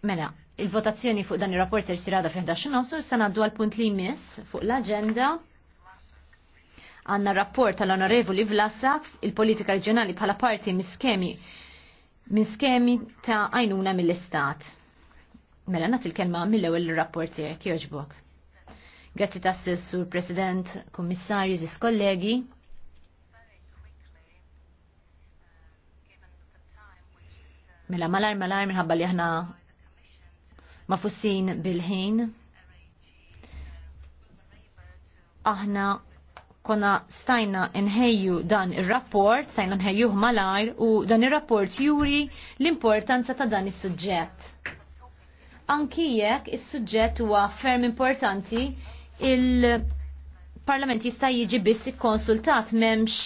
Mela, il-votazzjoni fuq dan ir-rapport ser sirada fi 11 nosur se ngħaddu għal punt li jmiss fuq l-aġenda għanna rapport tal-Onorevoli Vlasak il-politika reġjonali bħala parti miskemi skemi ta' għajnuna mill-Istat. Mela nagħti il-kelma mill-ewwel rapportier kjoġbok. Grazzi ta' sur President, Kummissarju, Zis kollegi. Mela malar malar minħabba li aħna mafussin bil-ħin. Aħna konna stajna nħejju dan ir-rapport, stajna nħejjuh malajr u dan ir-rapport juri l-importanza ta' dan is-suġġett. Anki jekk is-suġġett huwa ferm importanti, il-Parlament jista' jiġi biss ikkonsultat memx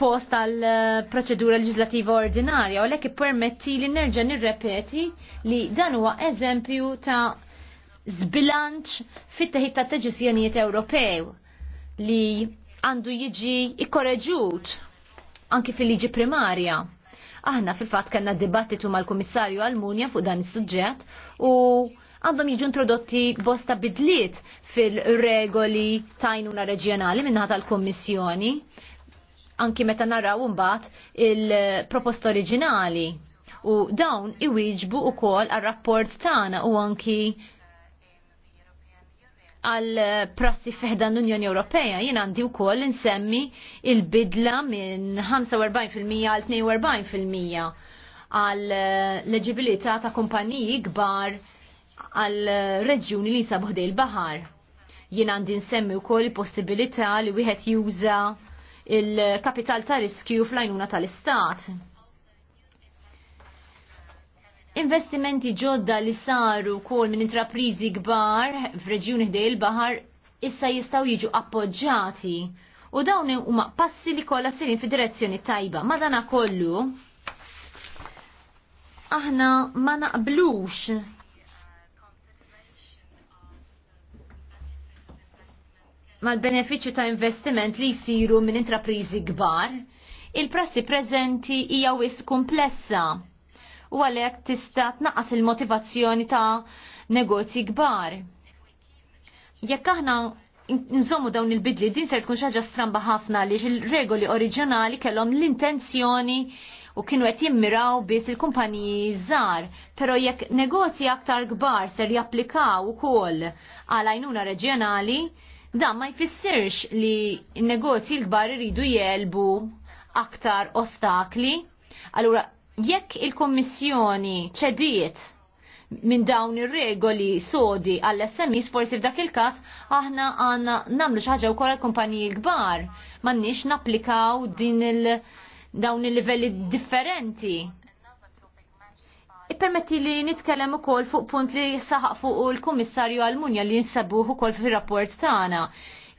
post għal eh, proċedura leġislativa ordinarja u lekk permetti li nerġa' nirrepeti li dan huwa eżempju ta' zbilanċ fit teħid ta' deċiżjonijiet Ewropew li għandu jiġi ikkoreġut anki fil-liġi primarja. Aħna fil-fatt kellna dibattitu mal-Kummissarju Almunja fuq dan is-suġġett u għandhom jiġu introdotti bosta bidliet fil-regoli tajnuna reġjonali minnaħat tal-Kommissjoni anki meta naraw mbagħad il-proposta oriġinali u dawn iwieġbu ukoll għar-rapport tagħna u anki għal prassi feħdan l-Unjoni Ewropea jien għandi wkoll insemmi il-bidla minn 45% għal 42% għal leġibilità ta' kumpaniji kbar għal reġjuni li jisabu ħdej il-baħar. Jien għandi nsemmi wkoll il-possibilità li wieħed juża il-kapital ta' riskju fl-għajnuna tal-istat. Investimenti ġodda li saru kol minn intraprizi gbar f'reġjuni ħdej il-bahar issa jistaw jiġu appoġġati u dawn huma passi li kollha sirin fid direzzjoni tajba. Madana kollu aħna ma naqblux mal-benefiċċju ta' investiment li jsiru minn intraprizi kbar, il-prassi preżenti hija wis komplessa u għalhekk tista' tnaqqas il-motivazzjoni ta' negozji kbar. Jekk aħna nżommu dawn il-bidli din ser tkun xaġa stramba ħafna li il-regoli oriġinali kellhom l-intenzjoni u kienu qed jimmiraw biss il-kumpaniji żgħar, però jekk negozji aktar kbar ser japplikaw ukoll għal għajnuna reġjonali, Dan ma jfissirx li n-negozji l-kbar iridu jelbu aktar ostakli. Allura, jekk il-Kommissjoni ċediet minn dawn ir-regoli sodi għall smis forsi f'dak il-każ aħna għandna nagħmlu xi ħaġa wkoll għall-kumpaniji l-kbar. M'għandniex napplikaw din il- dawn il-livelli differenti Ippermetti li nitkellem u kol fuq punt li saħaq fuq il-Komissarju Almunja li nsabuħu kol fir rapport tagħna.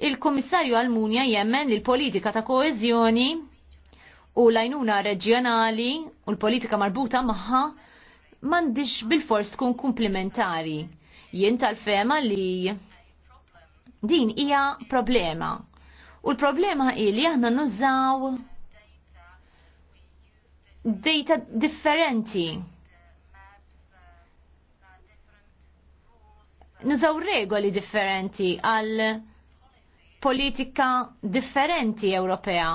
Il-Komissarju Almunja jemmen li l-politika ta' koezjoni u lajnuna reġjonali u l-politika marbuta maħħa mandiġ bil-fors tkun komplementari. Jien tal-fema li din hija problema. U l-problema hi li aħna nużaw data differenti nużaw regoli differenti għal politika differenti Ewropea.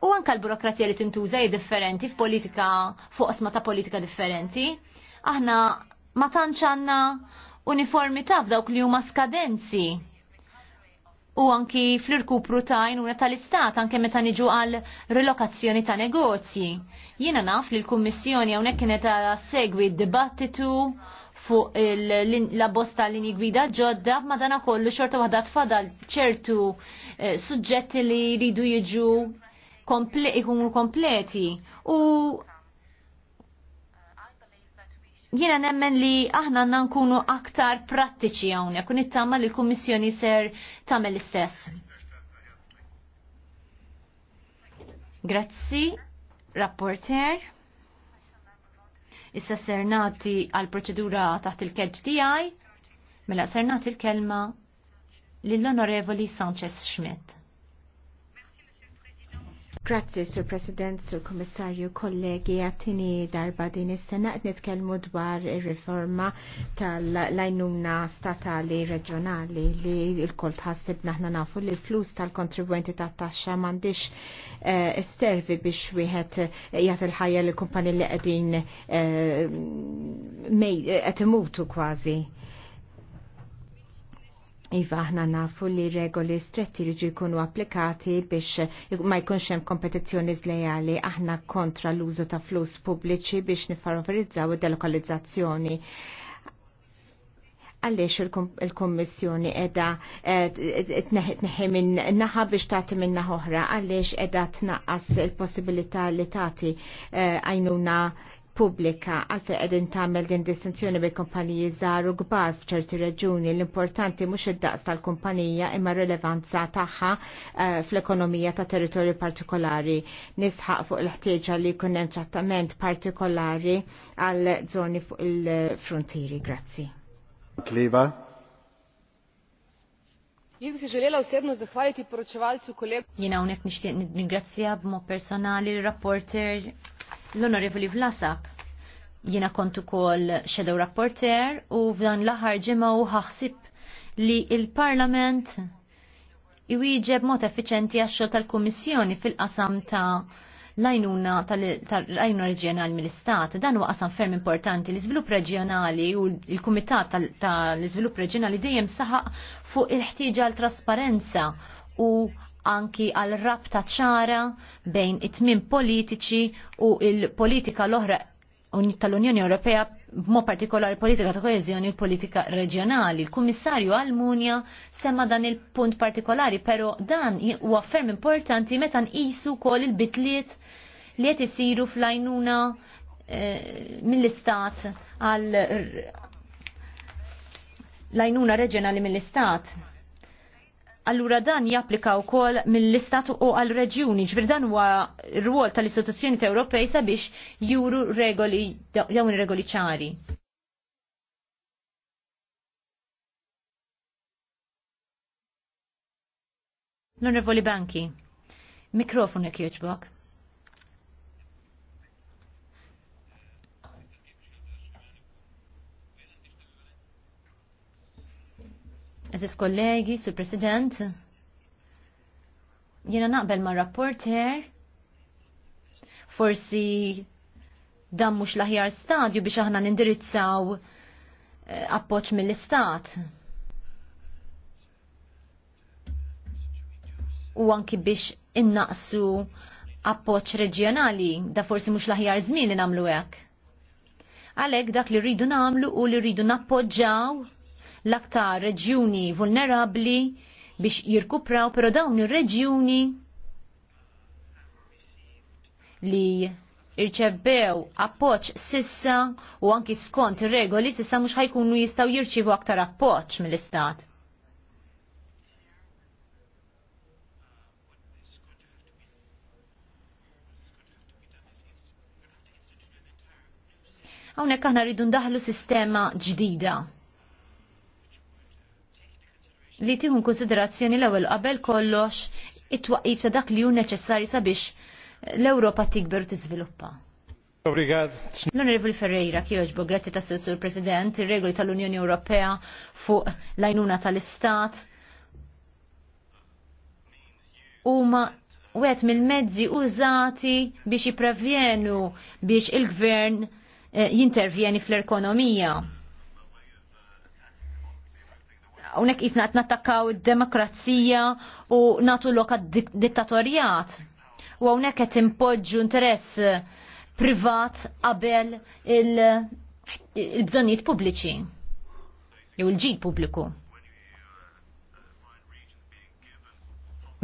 U anka l-burokrazija li tintuża differenti f'politika fuq osma ta' politika differenti. Aħna ma tantx għandna uniformità f'dawk li huma skadenzi u anki fl-irkupru ta' jnuna tal-istat anke meta niġu għal relokazzjoni ta' negozji. Jiena naf li l-Kummissjoni hawnhekk kienet segwi d-dibattitu fuq la bosta linji gwida ġodda madana kollu xorta waħda tfadal ċertu eh, suġġetti li ridu jiġu ikunu kompleti u jiena nemmen li aħna għandna nkunu aktar prattiċi hawnhekk u nittama li l kommissjoni ser tagħmel l-istess. Grazzi, rapporter. Issa ser nagħti għal proċedura taħt il-kedġ tiegħi, mela ser nagħti l-kelma lill-Onorevoli Sanchez Schmidt. Grazzi, Sur President, Sur Commissario, kollegi, għattini darba din is-sena qed nitkellmu dwar ir-riforma tal-lajnuna statali reġjonali li l-kol tħassib naħna nafu li l-flus tal-kontribwenti tat-taxxa m'għandix eh, servi biex wieħed eh, jagħti il ħajja l-kumpani li qegħdin eh, qed imutu kważi Iva aħna nafu li regoli stretti li jkunu applikati biex ma jkunx hemm kompetizzjoni zlejali aħna kontra l-użu ta' flus pubbliċi biex nifavorizzaw id-delokalizzazzjoni. Għaliex il-Kommissjoni edha tneħi minn naħa biex tagħti minn oħra, għaliex edha tnaqqas il-possibilità li tagħti eh, għajnuna pubblika għalfej qegħdin tagħmel din distinzjoni bejn kumpaniji żgħar u kbar f'ċerti reġuni l-importanti mhux id-daqs tal-kumpanija imma rilevanza tagħha eh, fl-ekonomija ta' territorju partikolari. Nisħaq fuq l ħtieġa li jkun hemm trattament partikolari għal żoni fuq il-frontieri. Grazzi. Kliba. Jien si ġelela osebno zahvaliti poročevalcu kolegu. Jien hawnhekk nixtieq ningrazzja b'mod personali l-rapporter l-Onorevoli Vlasak Jiena kontu kol shadow rapporter u f'dan l-aħħar ġimgħa u ħaħsib li il-Parlament iwieġeb mod effiċenti għax-xogħol tal-Kummissjoni fil-qasam ta' l-għajnuna tal-għajnuna reġjonali mill-istat, dan huwa qasam ferm importanti, l-iżvilupp reġjonali u l-Kumitat tal-iżvilupp reġjonali dejjem saħaq fuq il-ħtieġa għall trasparenza u anki għal rabta ċara bejn it-tmim politiċi u il-politika l-oħra tal-Unjoni Ewropea b'mod partikolari politika ta' koeżjoni u politika reġjonali. Il-Kummissarju Almunja semma dan il-punt partikolari, pero dan huwa ferm importanti meta nqisu wkoll il-bitliet li qed isiru fl eh, mill-istat għal l reġjonali mill-istat allura dan japplika wkoll mill-istat u għal reġjuni ġbir dan huwa r-rwol tal-istituzzjoni Ewropej sabiex juru regoli dawn regoli ċari. L-Onorevoli Banki, mikrofonu jek Aziz kollegi, sur president, jena naqbel ma' rapporter, forsi dan mhux l-aħjar stadju biex aħna nindirizzaw eh, appoġġ mill-istat. U anki biex innaqsu appoġġ reġjonali, da forsi mhux l-aħjar żmien li nagħmlu hekk. Għalhekk dak li rridu nagħmlu u li rridu nappoġġaw l-aktar reġjuni vulnerabli biex jirkupraw, pero dawn ir-reġjuni li irċebbew appoċ sissa u anki skont regoli sissa mux ħajkunu jistaw jirċivu aktar appoċ mill-istat. Hawnhekk aħna rridu ndaħlu sistema ġdida li tieħu konsiderazzjoni l-ewwel qabel kollox it-twaqif ta' dak li hu neċessarji sabiex l-Ewropa tikber u tiżviluppa. L-Onorevoli Ferreira, kjoġbo, grazzi ta' sur President, il-regoli tal-Unjoni Ewropea fuq l-ajnuna tal-Istat. Uma wet mill-mezzi użati biex jipravjenu biex il-gvern eh, jintervjeni fl-ekonomija unek jisna għat nattakkaw demokrazija u natu loka dittatorijat. U għonek għet impoġġu interess eh, privat qabel il-bżonijiet pubbliċi. Jew il-ġid pubbliku.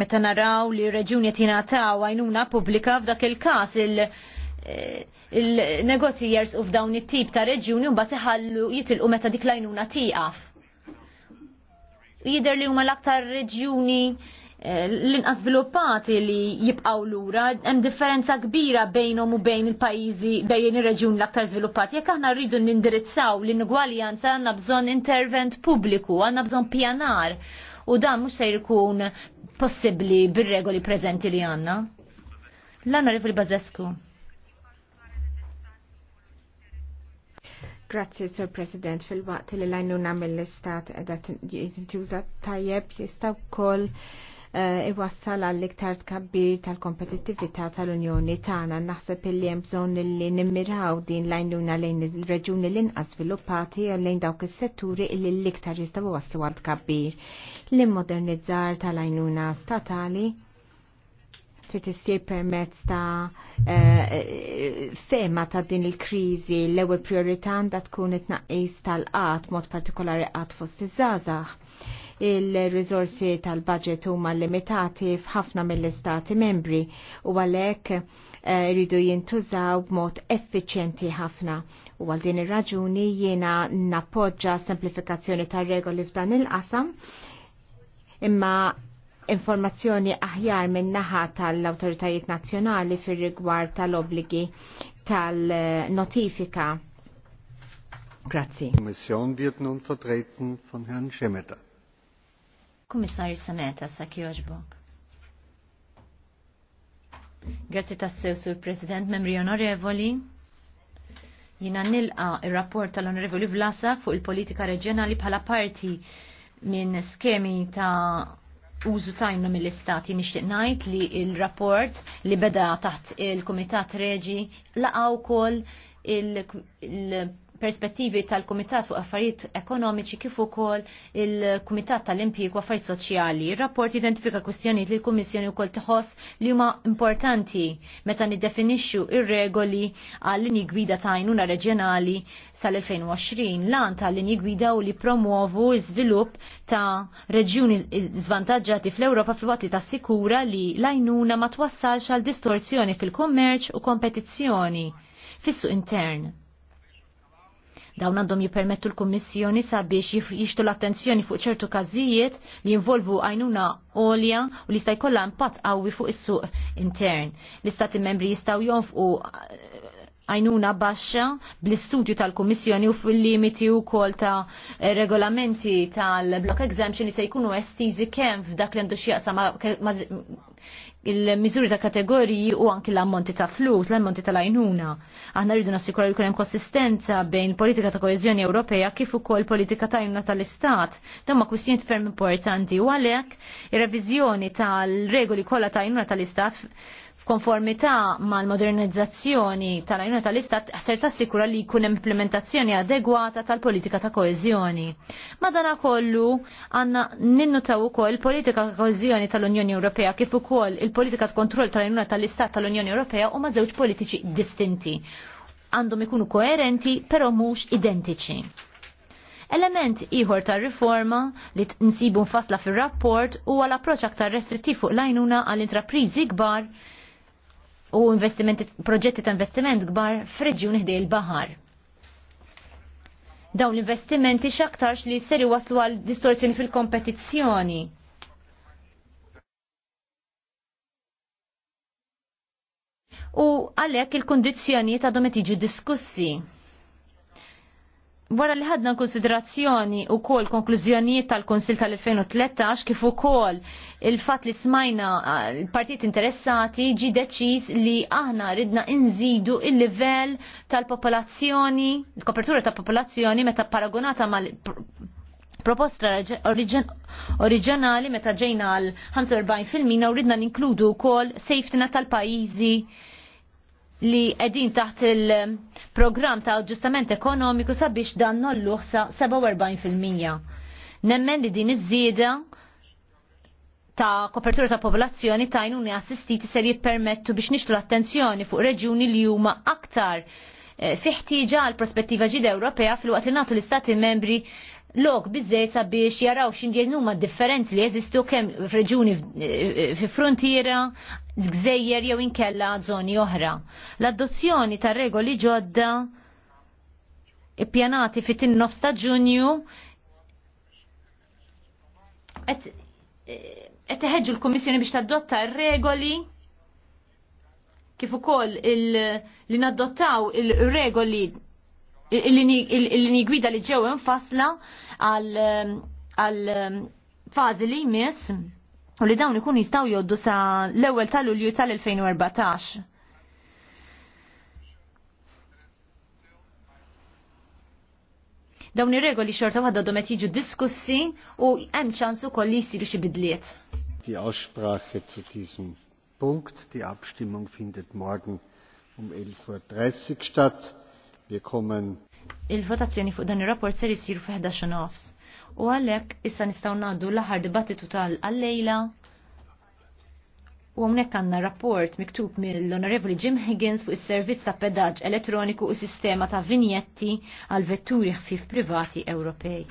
Meta naraw li reġuni tina jingħataw għajnuna pubblika f'dak il-kas il- eh, il-negozjers u f'dawn it-tip ta' reġjuni mbagħad iħallu jitilqu meta dik lajnuna tieqaf jider li huma l-aktar reġjuni eh, l-inqas sviluppati li jibqaw lura, hemm differenza kbira bejnhom u bejn il-pajjiżi bejn ir reġjuni l-aktar sviluppati. Jekk aħna rridu nindirizzaw l-inugwaljanza għandna bżonn intervent pubbliku, għandna bżonn pjanar u dan mhux se jkun possibbli bir-regoli preżenti li għandna. L-għanna rifil Bazesku. Grazzi, Sir President, fil-waqt li lajnu għajnuna mill-istat edha tintuża tajjeb staw kol eh, iwassal għall iktar tkabbir tal-kompetittività tal-Unjoni tagħna naħseb illi hemm bżonn li nimmiraw din l-għajnuna lejn il reġuni l-inqas sviluppati u lejn dawk is-setturi illi l-iktar jistgħu waslu għal tkabbir. L-immodernizzar tal-għajnuna statali trid issir permezz ta' eh, eh, fema ta' din il-kriżi l-ewwel priorità għandha tkun it-tnaqqis tal-qatt mod partikolari qatt fost iż-żgħażagħ il-rizorsi tal-budget huma limitati f'ħafna mill-istati membri u għalhekk eh, iridu jintużaw b'mod effiċjenti ħafna. U għal din ir-raġuni jiena nappoġġa semplifikazzjoni tar-regoli f'dan il-qasam imma informazzjoni aħjar minn naħa tal-autoritajiet nazzjonali fir rigward tal-obligi tal-notifika. Grazzi. Kommission wird nun vertreten von Herrn Schemeta. Kommissar Semeta, Sakjoġbok. Grazzi tassew sur President, membri onorevoli. Jina nilqa il-rapport tal-onorevoli Vlasa fuq il-politika reġjonali bħala parti minn skemi ta' użu tajnu mill-istati nixtieq ngħid li l rapport li beda taħt il-Kumitat Reġi laqgħu wkoll il-, il perspettivi tal-Kumitat fuq Affarijiet Ekonomiċi kif ukoll il-Kumitat tal-Impjieg u Affarijiet Soċjali. Ir-rapport identifika kwistjonijiet li l-Kummissjoni wkoll tħoss li huma importanti meta niddefinixxu ir-regoli għal linji gwida ta' għajnuna reġjonali sal-2020 lan tal linji gwida u li promuovu iżvilupp ta' reġjuni żvantaġġati fl-Ewropa fil-waqt li tassikura li l-għajnuna ma twassalx għal distorzjoni fil-kummerċ u kompetizzjoni fis-suq intern. Dawn għandhom jipermettu l-Kommissjoni sabiex jixtu l-attenzjoni fuq ċertu każijiet li jinvolvu għajnuna olja u li jista' jkollha impatt qawwi fuq is-suq intern. L-Istati membri jistgħu jonfqu eh, għajnuna baxxa bl-istudju tal-Kommissjoni u fil-limiti u kol ta' eh, regolamenti tal-block exemption li se jkunu estizi kemm f'dak li għandu xieqsa il-miżuri ta' kategoriji u anki l-ammonti ta' flus, l-ammonti ta' lajnuna. Aħna rridu nassikuraw li hemm konsistenza bejn politika ta' koezjoni Ewropea kif ukoll politika ta' jnuna tal-Istat. Dan ma' kwistjoni ferm importanti u għalhekk ir-reviżjoni tal-regoli kollha ta' jnuna tal-Istat konformità mal-modernizzazzjoni tal ajuna tal-istat ser tassikura li jkun implementazzjoni adegwata tal-politika ta' koezjoni. Madana kollu għanna ninnutaw ukoll politika ta' koezjoni tal-Unjoni Ewropea kif ukoll il-politika ta' kontroll tal ajuna tal-istat tal-Unjoni Ewropea u ma' żewġ politiċi distinti għandhom ikunu koerenti pero mhux identiċi. Element ieħor ta' riforma li nsibu nfasla fir-rapport huwa l-approċċ aktar restrittiv fuq l-għajnuna għall intrapriżi kbar u investimenti, proġetti ta' investiment gbar freġju ħdej il-bahar. Dawn l-investimenti xaktarx li seri waslu għal distorzjoni fil-kompetizzjoni. u għalek il-kondizjoni ta' dometiġu diskussi. Wara li ħadna konsiderazzjoni u kol konklużjonijiet tal-Konsil tal-2013 kif ukoll il-fat li smajna ah, l-partijiet interessati ġi deċiż li aħna ridna inżidu il-livell tal-popolazzjoni, l kopertura tal-popolazzjoni meta paragonata mal proposta oriġinali meta ġejna għal 45% u ridna ninkludu kol safety tal-pajizi li edin taħt il-program ta' ġustament ekonomiku sabiex dan nolluħ sa' 47%. Nemmen li din iż-żieda ta' kopertura ta' popolazzjoni ta' jnuni assistiti ser jippermettu biex nixtu l-attenzjoni fuq reġjuni li huma aktar eh, fiħtieġa għal prospettiva ġida Ewropea fil-waqt li nagħtu l-Istati membri lok bizzejt sabiex jaraw x'indienu ma' differenzi li jeżistu kemm f'reġuni eh, fi frontiera gżejjer jew inkella żoni oħra. L-adozzjoni ta' regoli ġodda ippjanati fit nofs ta' Ġunju qed teħeġġu eh, l-Kummissjoni biex tadotta r-regoli kif ukoll li nadottaw il-regoli il-lini gwida li ġew infasla għal um, um, fazi li jmiss u li dawn ikun jistaw joddu sa l-ewel tal-ulju tal-2014. Dawn ir-regoli xorta waħda għadhom jiġu diskussi u hemm ċansu ukoll li jsiru xi bidliet. Die Aussprache zu diesem Punkt, die Abstimmung findet morgen um 11.30 Uhr statt. Il-votazzjoni fuq dan ir-rapport ser isir fi 11 nofs. U għalhekk issa nistgħu naddu l-aħħar dibattitu tal-għallejla. U hawnhekk għandna rapport miktub mill-Onorevoli Jim Higgins fuq is-servizz ta' pedaġġ elettroniku u sistema ta' vinjetti għal vetturi ħfif privati Ewropej.